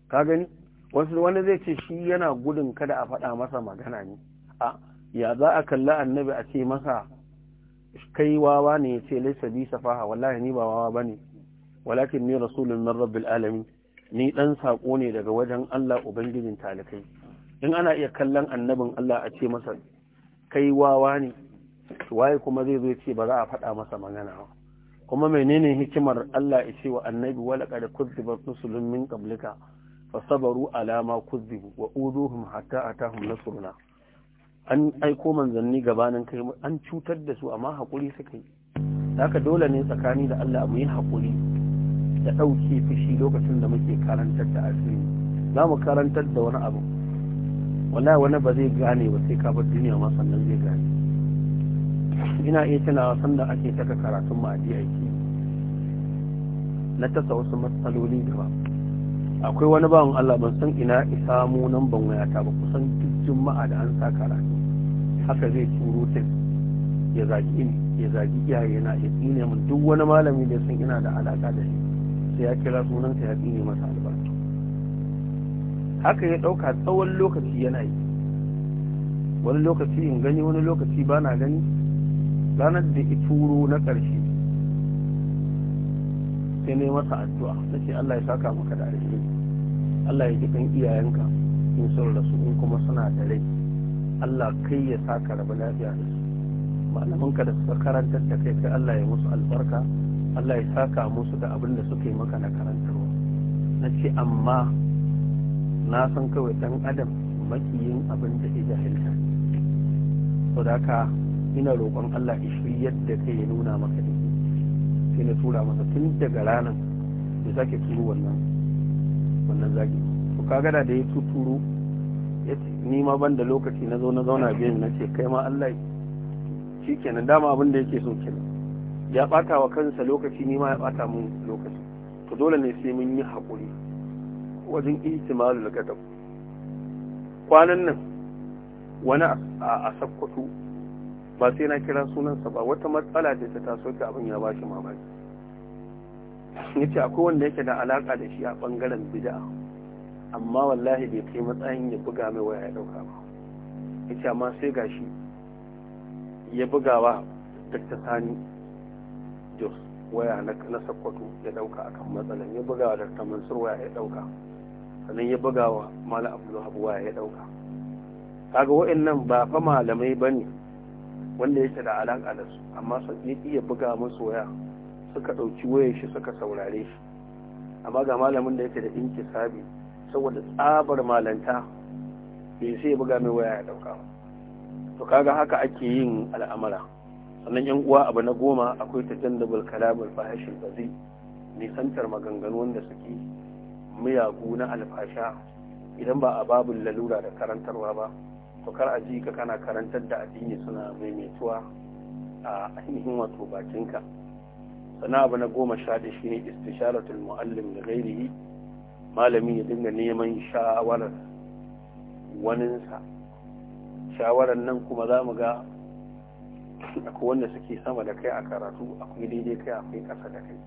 ka gani wasu wanda zai ce shi yana gudun kada a faɗa masa magana ne a ya za a kalla annabi a ce masa kai wawa ne ya ce laisa bi safaha wallahi ni ba wawa ba ne walakin ni rasulun min rabbil alamin ni dan sako ne daga wajen Allah ubangijin talikai in ana iya kallon annabin Allah a ce masa kai wawa ne waye kuma zai zo ce ba za a faɗa masa magana ba kuma menene hikimar Allah ya ce wa annabi wala qad kuzzibat rusulun min qablika fasabaru ala ma kuzzibu wa uduhum hatta atahum nasruna an aiko manzanni gabanin kai an cutar da su amma hakuri suka yi haka dole ne tsakani da Allah mu yi hakuri da ɗauke fushi lokacin da muke karantar da asiri za mu karantar da wani abu wala wani ba zai gane ba sai ka duniya ma sannan zai gane ina iya tunawa sanda ake taka karatun ma a aiki na tasa wasu matsaloli da ba akwai wani bawan Allah ban san ina isa mu nan ban wayata ba kusan duk juma'a da an sa karatu haka zai turo ta ya zagi ni ya zagi iyaye na ya tsine mun duk wani malami da san ina da alaka da shi sai ya kira sunansa ya tsine masa haka ya ɗauka tsawon lokaci yana yi wani lokaci in gani wani lokaci ba na gani ranar da ituro na ƙarshe sai ne masa addu'a na ce Allah ya saka maka da arziki Allah ya jikin iyayenka in sun rasu in kuma suna da rai Allah kai ya saka rabu lafiya da su malamanka da suka karantar da kai kai Allah ya musu albarka Allah ya saka musu da abin da suka yi maka na karantarwa na ce amma na san kawai dan adam makiyin abin da ya jahilta to da ka ina roƙon Allah ya shiryar yadda kai ya nuna maka da sai na tura masa tun daga ranar da zake turo wannan wannan zagi to kaga da ya tuturo ni ma ban da lokaci na zo na zauna biyan na ce kai ma Allah shi kenan dama abin da yake so kenan ya ɓata wa kansa lokaci ni ma ya ɓata mun lokaci to dole ne sai mun yi haƙuri wajen ihtimalul qadab kwanan nan wani a sakkwato ba sai na kira sunansa ba wata matsala da ta taso ta abin ya ba shi mamaki yace akwai wanda yake da alaka da shi a bangaren bid'a amma wallahi bai kai matsayin ya buga mai waya ya dauka ba yace amma sai gashi ya bugawa Dr. Sani Jos waya na sakkwato ya dauka akan matsalan ya bugawa Dr. Mansur waya ya dauka sannan ya buga wa malam abdullahi waya ya dauka kaga wa'annan ba fa malamai bane wanda yake da alaka da su amma sun iya buga musu waya suka dauki wayar shi suka saurare shi amma ga malamin da yake da inkisabi saboda tsabar malanta bai sai buga mai waya ya dauka to kaga haka ake yin al'amara sannan yan uwa abu na goma akwai tajannabul kalamul fahishin bazi nisantar maganganu wanda suke miyagu na alfasha idan ba a babu lalura da karantarwa ba to kar a ji ka kana karantar da addini suna maimaituwa a ainihin wato bakinka sana abu na goma sha da shi ne istisharatul mu'allim da gairihi malami ya dinga neman shawarar waninsa shawarar nan kuma za mu ga akwai wanda suke sama da kai a karatu akwai daidai kai akwai ƙasa da kai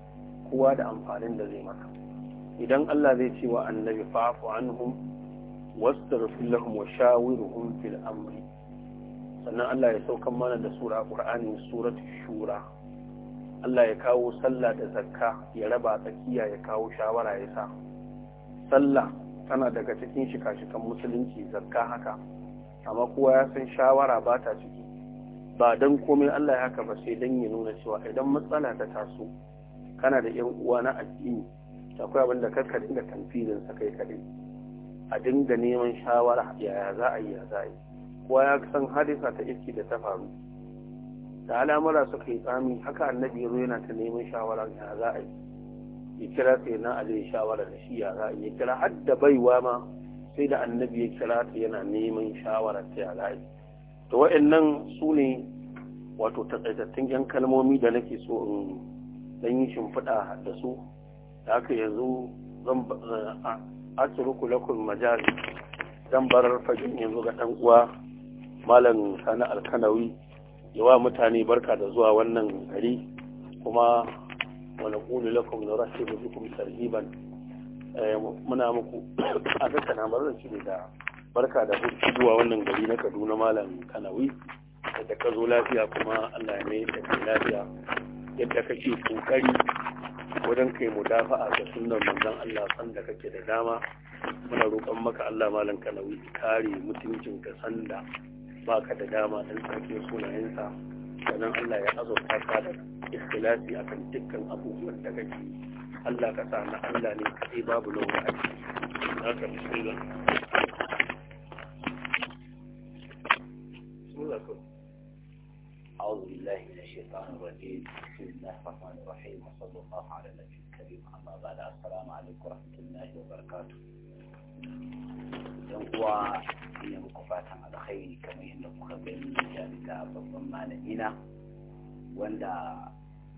kowa da amfanin da zai maka idan Allah zai ce wa annabi fa'afu anhum wastarfil lahum wa shawiruhum fil amri sannan Allah ya saukan mana da sura Qur'ani suratul shura Allah ya kawo sallah da zakka ya raba tsakiya ya kawo shawara ya sa sallah tana daga cikin shika-shikan musulunci zakka haka amma kowa ya san shawara ba ta ciki ba dan komai Allah ya haka ba sai dan ya nuna cewa idan matsala ta taso kana da 'yan uwa na addini akwai abin da kakka dinga tanfidin sa kai kadai a dinga neman shawara yaya za a yi ya za a yi kowa ya san hadisa ta iski da ta faru da al'amura suka yi tsami haka annabi ya zo yana ta neman shawara ya za a yi ya kira sai na aje shawara da shi ya za a yi ya kira har da baiwa ma sai da annabi ya kira ta yana neman shawara ta ya za a yi to wa'annan su ne wato takaitattun yan kalmomi da nake so in dan yi shimfiɗa da su haka yanzu zan aturuku lakum majali zan bar fagen yanzu ga ɗan uwa malam sani alkanawi yawa mutane barka da zuwa wannan gari kuma wani ƙuli lakum da rashin da zukum tarhiban eh, muna muku a zaka na marar ne da barka da zuwa wannan gari na kaduna malam kanawi da ka zo lafiya kuma allah ya mai da lafiya yadda kake kokari wajen kai mudafa'a ga sunan manzon Allah sanda kake da dama muna roƙon maka Allah malam ka nauyi kare mutuncin ka sanda baka da dama dan sake sunayensa sanan Allah ya azurta ka da ikhlasi akan dukkan abubuwan da kake Allah ka sa na Allah ne kai babu lawa a ciki haka bismillah الشيطان الرجيم بسم الله الرحمن الرحيم وصلى الله على النبي الكريم أما بعد السلام عليكم ورحمة الله وبركاته يوم ina muku fatan alkhairi kamar yadda kuka gani jami'a babban malamina wanda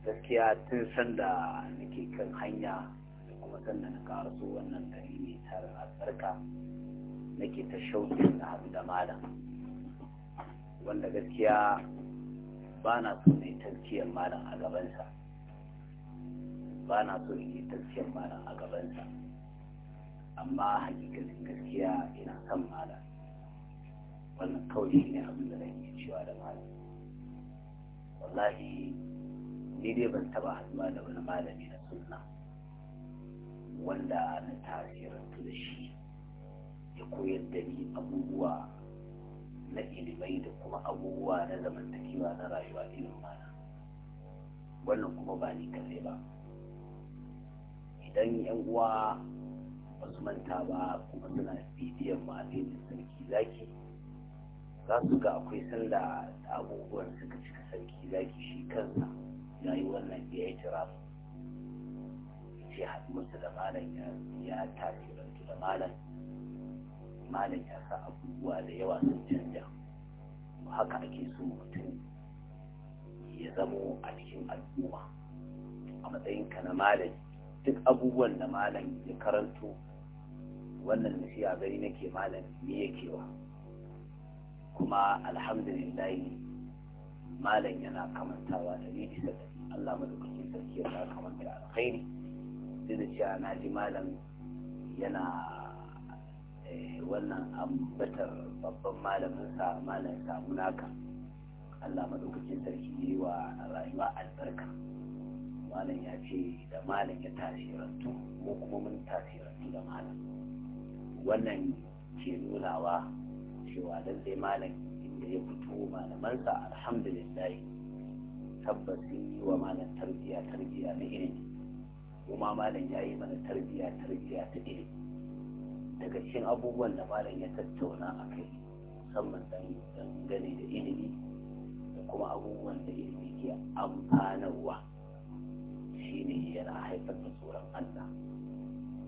gaskiya tun sanda nake kan hanya da kuma sanda na karaso wannan gari ne tare a tsarka nake ta shauƙin na da malam wanda gaskiya ba na so na yi malam a gabansa ba na so yi malam a gabansa amma hakikatin gaskiya ina son malam wannan kawai shi ne abin da nake cewa da malam wallahi ni dai ban taba haɗuwa da wani malami na sunna wanda na tasirantu da shi ya koyar da ni abubuwa na ilimai da kuma abubuwa na zamantakewa na rayuwa irin mana wannan kuma ba ni kaɗai ba idan yan uwa ba su manta ba kuma suna bidiyon ma da sarki zaki za su ga akwai sanda da abubuwan suka cika sarki zaki shi kansa ya yi wannan ya yi Ya ce haɗu da malam ya tasirantu da malam malam ya sa abubuwa da yawa sun canja haka ake so mutum ya zamo a cikin al'umma a matsayinka na malam duk abubuwan da malam ya karanto wannan nasiya gari nake malam ya yake wa kuma alhamdulillah malam yana kamantawa da ni bisa da Allah madaukakin sarki ya kamanta alkhairi duk da cewa na ji malam yana Eh, wannan ambatar babban malamin malam munaka allah madaukakin sarki ne wa rayuwa albarka malam ya ce da malam ya tasirantu ko kuma mun tasirantu da malam wannan ke nunawa cewa sai malam inda ya fito malamansa alhamdulillah tabbas sun yi wa malam tarbiya tarbiya na ilimi kuma malam ya yi mana tarbiya tarbiya ta ilimi daga cikin abubuwan da malam ya tattauna a kai musamman dangane da ilimi da kuma abubuwan da ilimi ke amfanarwa shi ne yana haifar da tsoron Allah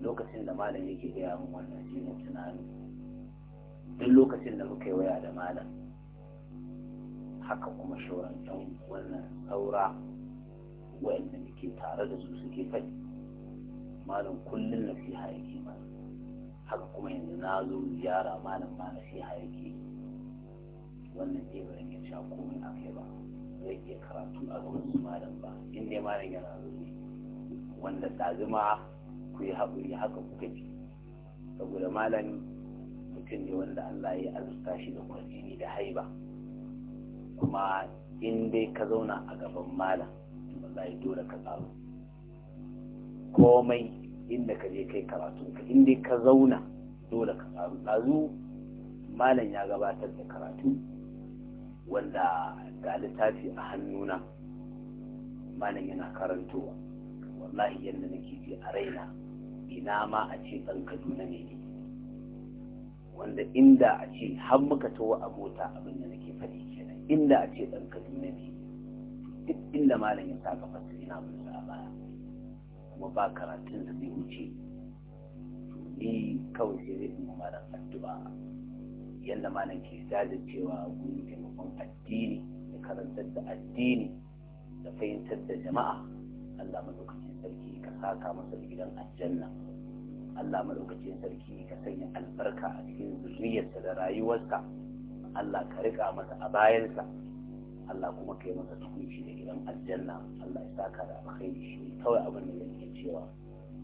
lokacin da malam yake gaya min wannan ne tunani duk lokacin da muka yi waya da malam haka kuma shauran ɗan wannan saura wa'anda muke tare da su suke faɗi malam kullum nasiha yake mana haka kuma yanzu na zo ziyara malam ma sai yake wannan dai ba zan sha komai a kai ba zai iya karatu a gaban su malam ba in dai malam yana zo wanda ɗazuma ku yi haƙuri haka kuka ji saboda malam mutum ne wanda Allah ya azurta shi da kwarjini da haiba kuma in dai ka zauna a gaban malam wallahi dole ka tsaro komai inda ka je kai karatu ka inda ka zauna dole ka faru ɗazu malam ya gabatar da karatu wanda ga littafi a hannuna malam yana karantowa wallahi yadda nake ji a raina ina ma a ce ɗan kaduna ne ne wanda inda a ce har muka tawo a mota abin da nake faɗi kenan inda a ce ɗan kaduna ne duk inda malam ya saka fasa ina bin a baya kuma ba karatun da zai wuce ni kawai sai zai kuma malam addu'a yadda malam ke jajircewa gurin taimakon addini da karantar da addini da fahimtar da jama'a Allah madaukakin sarki ka saka masa gidan aljanna Allah madaukakin sarki ka sanya albarka a cikin zuriyarsa da rayuwarsa Allah ka rika masa a bayansa Allah kuma kai masa tukunci da gidan aljanna Allah ya saka da alkhairi shi kawai abin da zan cewa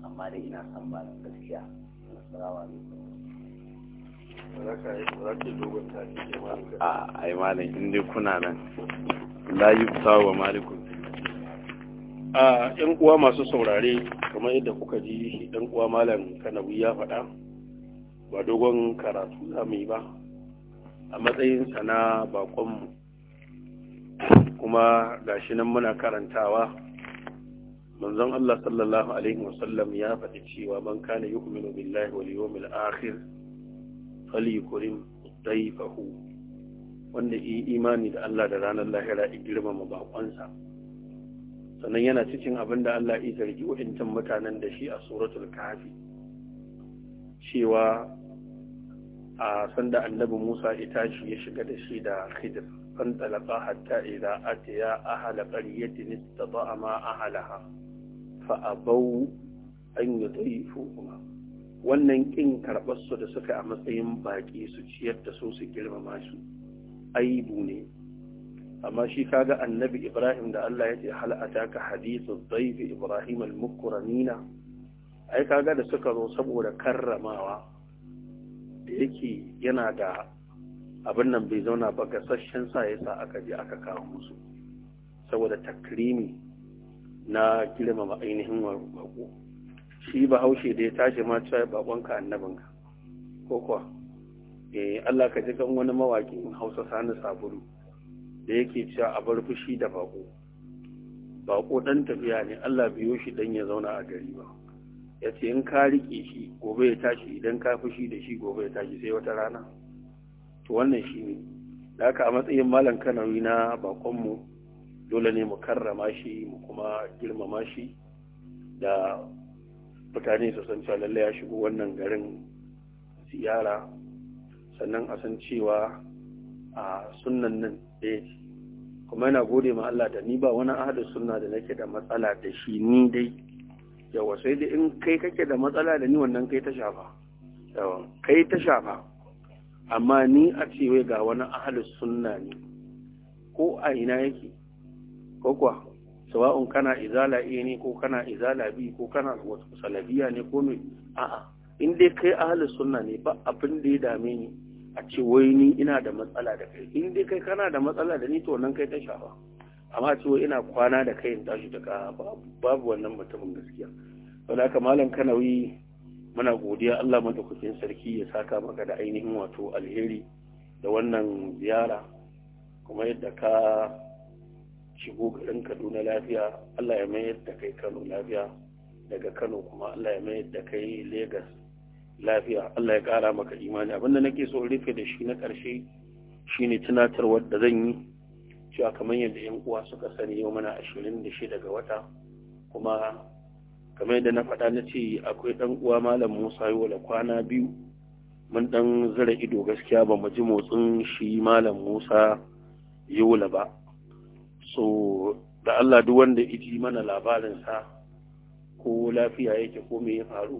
amma dai ina son ba gaskiya assalamu alaikum a ah, ai malam in dai kuna nan la yubta wa malikum a ah, yan uwa masu saurare kamar yadda kuka ji shi uwa malam Kanawi ya faɗa ba dogon karatu za mu yi ba a matsayin sana baƙonmu. mu kuma gashi nan muna karantawa manzon Allah sallallahu alaihi wasallam ya faɗi cewa man kana yu'minu billahi wal yawmil akhir falyukrim dayfahu wanda yi imani da Allah da ranar lahira ya girmama bakonsa sannan yana cikin abin da Allah ya zargi wa'intan mutanen da shi a suratul kafi cewa a sanda annabi Musa ya tashi ya shiga da shi da Khidr فانطلقا حتى إذا أتيا أهل قرية استطعما أهلها فأبوا أن يضيفوهما wannan kin karɓarsu da suka a matsayin baƙi su ciyar da su su girmama su aibu ne amma shi kaga annabi ibrahim da Allah ya ce hal ataka hadithu dhayf ibrahim al-mukramina ai kaga da suka zo saboda karramawa da yake yana da abin nan bai zauna ba gasasshen sa ya sa aka je aka kawo musu saboda takrimi na girmama ainihin bako shi bahaushe da ya tashi ma cewa bakonka annabinka ko kuwa eh Allah ka ji kan wani mawaƙin Hausa Sani Sabulu da yake cewa a bar fushi da bako bako dan tafiya ne Allah biyo shi dan ya zauna a gari ba yace in ka rike shi gobe ya tashi idan ka fushi da shi gobe ya tashi sai wata rana to wannan shi ne da aka a matsayin malam kanawi na bakonmu dole ne mu karrama shi mu kuma girmama shi da mutane su san cewa lallai ya shigo wannan garin ziyara sannan a san cewa a sunan nan ɗaya kuma yana gode ma Allah da ni ba wani ahadin sunna da nake da matsala da shi ni dai yawa sai dai in kai kake da matsala da ni wannan kai ta shafa kai ta shafa amma ni a cewa ga wani ahalus sunna ne ko a ina yake ko kuwa sawa'un kana izala a ne ko kana izala bi ko kana wasu salabiya ne ko me a'a in dai kai ahalus sunna ne ba abin da ya dame ni a ce wai ni ina da matsala da kai in dai kai kana da matsala da ni to nan kai ta shafa amma ce wai ina kwana da kai in tashi ta babu wannan mutumin gaskiya saboda haka malam kanawi muna godiya Allah madaukakin sarki ya saka maka da ainihin wato alheri da wannan ziyara kuma yadda ka shigo garin Kaduna lafiya Allah ya mayar da kai Kano lafiya daga Kano kuma Allah ya mayar da kai Lagos lafiya Allah ya kara maka imani abinda nake so rufe da shi na ƙarshe shine tunatarwar da zan yi cewa kamar yadda 'yan uwa suka sani yau mana ashirin da shi daga wata kuma kamar yadda na faɗa na ce akwai ɗan uwa malam musa yola kwana biyu mun ɗan zira ido gaskiya ba mu ji motsin shi malam musa yola ba so da allah duk wanda iji mana labarinsa ko lafiya yake ko me ya faru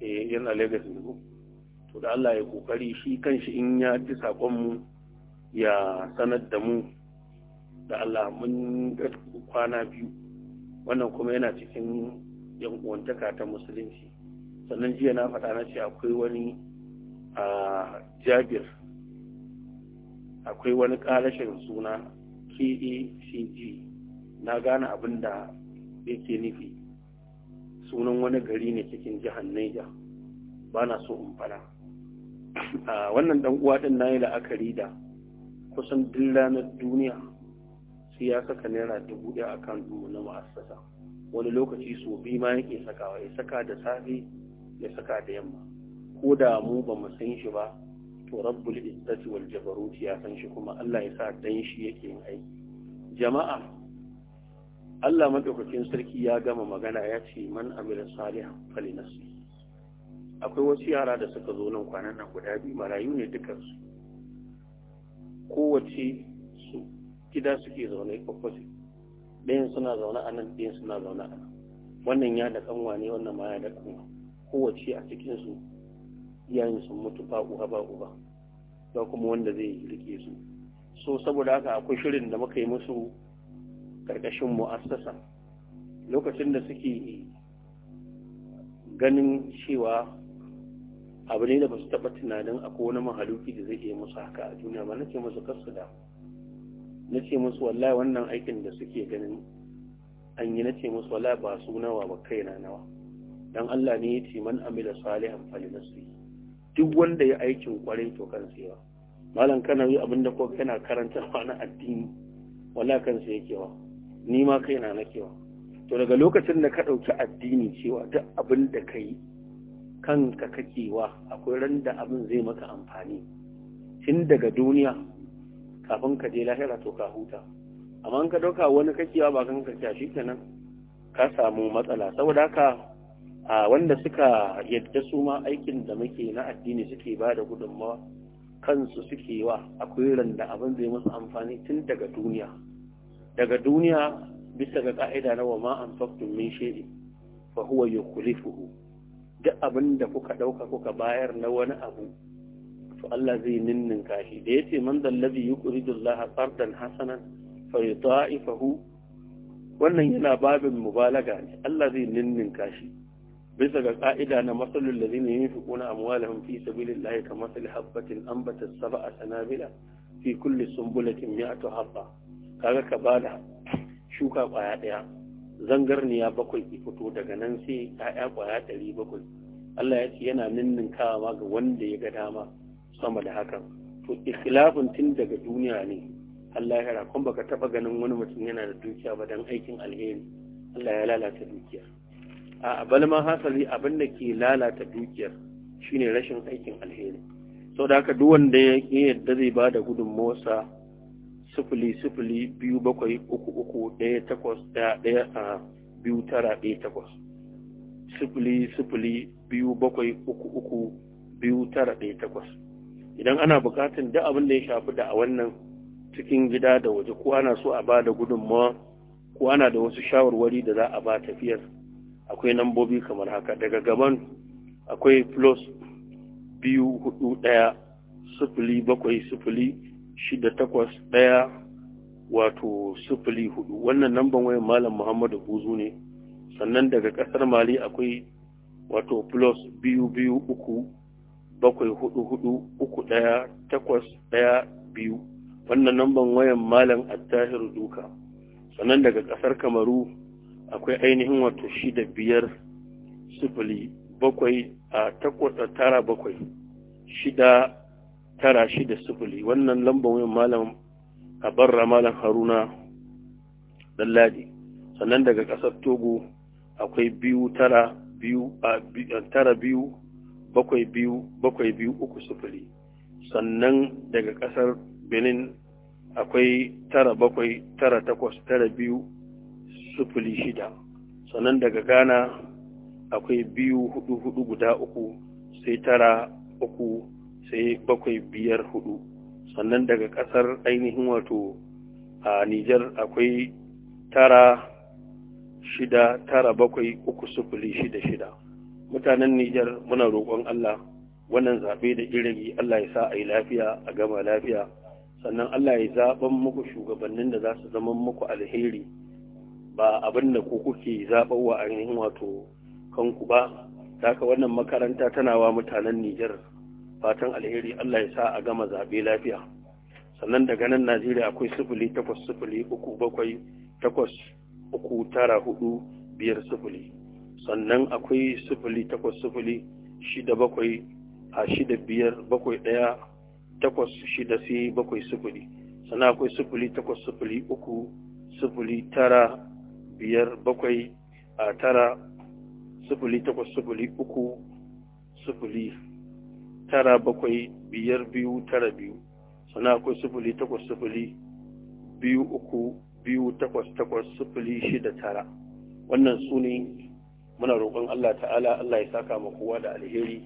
e yana lagos ne to da allah ya kokari shi kanshi in ya ji saƙonmu ya sanar da mu da allah mun kwana biyu wannan kuma yana cikin yan yankuwantaka ta musulunci sannan jiya na faɗa na ce akwai wani a jabir akwai wani ƙarashin suna kecg na gane abin da yake nufi sunan wani gari ne cikin jihar Neja ba na so in fara a wannan dan uwa na yi la'akari da kusan duk ranar duniya sai ya saka naira dubu ɗaya a kan dubu na ma'asasa wani lokaci so biyu ma yake sakawa ya saka da safe ya saka da yamma ko da mu ba mu san shi ba to rabbul izzati wal jabaruti ya san shi kuma Allah ya sa dan shi yake yin aiki jama'a Allah madaukakin sarki ya gama magana ya ce man amila salihan falinasi akwai wasu yara da suka zo nan kwanan nan guda biyu marayu ne dukansu kowace gida suke zaune kwakwasi ɗayan suna zaune a nan ɗayan suna zaune a nan wannan ya da kanwa ne wannan ma ya da kanwa kowace a cikinsu iyayen sun mutu ba uba ba uba ba kuma wanda zai rike su so saboda haka akwai shirin da muka yi musu karkashin mu'assasa lokacin da suke ganin cewa abu ne da ba su taɓa tunanin akwai wani mahaluki da zai iya musu haka a duniya ba nake musu kasu da na ce musu wallahi wannan aikin da suke ganin an yi na ce musu wallahi ba su nawa ba na nawa dan Allah ne ya ce man amila salihan falinasi duk wanda ya aikin kwarai to kan yawa malam kana yi abin da ko kana karanta na addini wallahi kan sai yake wa ni ma na nake wa to daga lokacin da ka dauki addini cewa duk abin da kai kanka kake wa akwai randa abin zai maka amfani tun daga duniya kafin ka je lahira to ka huta amma ka ɗauka wani kakewa ba kan karkiya shi kenan ka samu matsala saboda haka a wanda suka yadda su ma aikin da muke na addini suke ba da gudunmawa kansu suke wa akwai da abin zai musu amfani tun daga duniya daga duniya bisa ga ka'ida na wa ma anfaqtum min shay'in fa huwa yukhlifuhu duk abin da kuka ɗauka kuka bayar na wani abu to Allah zai ninninka shi da yace man dallazi yuqridu Allah qardan hasanan fa yudha'ifahu wannan yana babin mubalaga ne Allah zai ninninka shi bisa ga ka'ida na masalul ladina yunfiquna amwalahum fi sabilillahi kamathali habatin anbatat sab'a sanabila fi kulli sunbulatin mi'atu habba kaga ka bada shuka kwaya daya zangarniya bakwai ki fito daga nan sai ya'ya kwaya ɗari bakwai Allah ya ce yana ninninkawa ga wanda ya ga dama sama da hakan to ikhlafin tun daga duniya ne Allah ya kun baka taba ganin wani mutum yana da dukiya ba dan aikin alheri Allah ya lalata dukiya a balma hasali abin da ke lalata dukiyar shine rashin aikin alheri sau da haka duk wanda ya yadda zai ba da gudunmawarsa sufuli sufuli biyu bakwai uku uku ɗaya takwas ɗaya ɗaya a biyu tara ɗaya takwas sufuli sufuli biyu bakwai uku uku biyu tara ɗaya takwas idan ana bukatun da abin da ya shafi da a wannan cikin gida da waje ko ana so a ba da gudunmawa ko ana da wasu shawarwari da za a ba tafiyar akwai nambobi kamar haka daga gaban akwai plus biyu hudu daya sufuli bakwai sufuli shida takwas daya wato sufuli hudu wannan namban wayan malam muhammadu buzu ne sannan daga kasar mali akwai wato plus biyu biyu uku bakwai hudu hudu uku daya takwas daya biyu wannan namban wayan malam attahir duka sannan daga kasar kamaru akwai ainihin wato shida biyar sifili bakwai a takwas tara bakwai shida tara shida sifili wannan lambar wayan malam a barra malam haruna ladi sannan daga kasar togo akwai biyu tara biyu a tara biyu bakwai biyu bakwai biyu uku sufuri sannan daga kasar benin akwai tara bakwai tara takwas tara biyu sufuri shida sannan daga ghana akwai biyu hudu hudu guda uku sai tara uku sai bakwai biyar hudu sannan daga kasar ainihin wato a nijar akwai tara shida tara bakwai uku sufuri shida shida mutanen Nijar muna roƙon Allah wannan zaɓe da iragi Allah ya sa a yi lafiya a gama lafiya sannan Allah ya zaɓen muku shugabannin da za su zama muku alheri ba abin da ku kuke zaɓen wa ainihin wato kanku ba haka wannan makaranta tana wa mutanen Nijar fatan alheri Allah ya sa a gama zaɓe lafiya sannan daga nan Najeriya akwai sifili takwas sifili uku bakwai takwas uku tara hudu biyar sifili sannan akwai sufuli takwas sufuli shida bakwai a shida biyar bakwai ɗaya takwas shida sai bakwai sufuli sannan akwai sufuli takwas sufuli uku sufuli tara biyar bakwai a tara sufuli takwas sufuli uku sufuli tara bakwai biyar biyu tara biyu sannan akwai sufuli takwas sufuli biyu uku biyu takwas takwas sufuli shida tara wannan su ne muna roƙon Allah ta'ala Allah ya saka mu kowa da alheri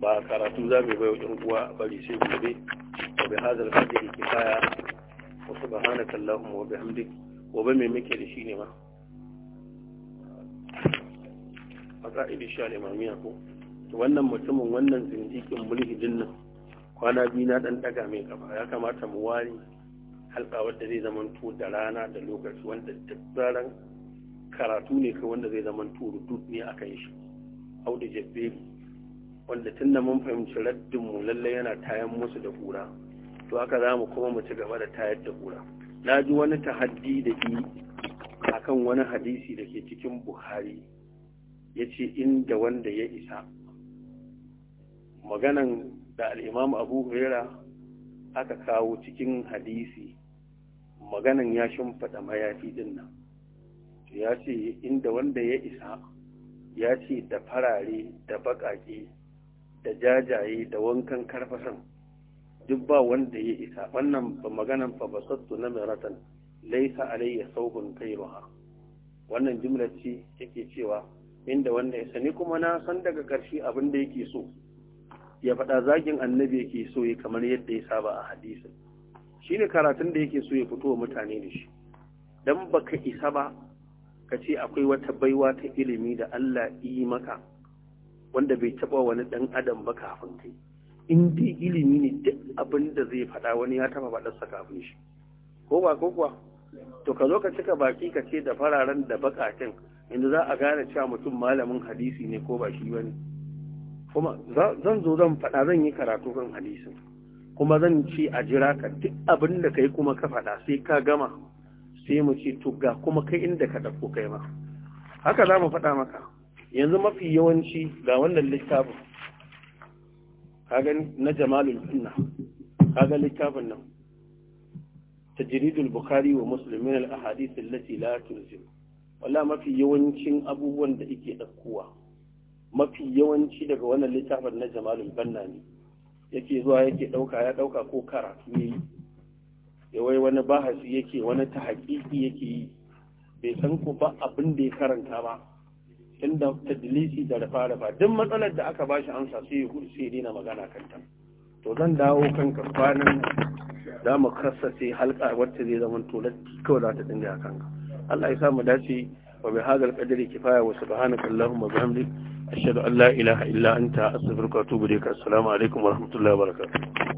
ba karatu za mu bai wa uwa bari sai gobe wa bi hadzal qadri kifaya wa subhanaka allahumma wa bihamdik wa ba mai muke da shi ne ma a idi sha mamiya ko to wannan mutumin wannan zindikin mulhidin nan kwana biyu na dan daga mai kafa ya kamata mu wari halka wadda zai zama to da rana da lokaci wanda duk karatu ne kai wanda zai zama turu duk ne a kan shi audu jabbeli wanda tun da mun fahimci raddin mu lallai yana tayan musu da kura to haka za mu kuma mu ci gaba da tayar da kura na ji wani tahaddi da a kan wani hadisi da ke cikin buhari ya ce inda wanda ya isa maganan da al'imam abu Hira aka kawo cikin hadisi maganan ya shimfaɗa mayafi din ya ce inda wanda ya isa ya ce da farare da baƙaƙe da jajaye da wankan karfasan duk ba wanda ya isa wannan ba maganan fa sattu na miratan laisa alayya saubun kairuha wannan jimlar ce yake cewa inda wanda ya sani kuma na san daga ƙarshe abin da yake so ya faɗa zagin annabi yake so ya kamar yadda ya saba a hadisin shine karatun da yake so ya fito wa mutane da shi dan baka isa ba ka ce akwai wata baiwa ta ilimi da Allah yi maka wanda bai taba wani ɗan adam ba kafin kai in dai ilimi ne duk abin da zai faɗa wani ya taba faɗarsa kafin shi ko ba ko kuwa to ka zo ka cika baki ka ce da fararen da bakakin inda za a gane cewa mutum malamin hadisi ne ko ba shi ne kuma zan zo zan faɗa zan yi karatu kan hadisin kuma zan ce a jira ka duk abin da kai kuma ka faɗa sai ka gama sai mu ce to ga kuma kai inda ka dauko kai ma haka za mu faɗa maka yanzu mafi yawanci ga wannan littafin kaga na jamalul sunna kaga littafin nan tajridul bukhari wa muslimin al ahadith allati la tulzim walla mafi yawancin abubuwan da yake dakkuwa mafi yawanci daga wannan littafin na jamalul banna ne yake zuwa yake dauka ya dauka ko karatu ne ya wai wani bahasi yake wani ta haƙiƙi yake yi bai san ku ba abin da ya karanta ba inda ta dilisi da rafa rafa duk matsalar da aka bashi amsa sai ya hudu sai daina magana kanta to zan dawo kan kafanin za mu kassace halka wacce zai zama tolar kawai za ta dinga a kanka Allah ya sa mu dace wa bi hadal qadri kifaya wa subhanaka allahumma bihamdik ashhadu an la ilaha illa anta astaghfiruka wa atubu ilaik assalamu alaikum wa rahmatullahi wa barakatuh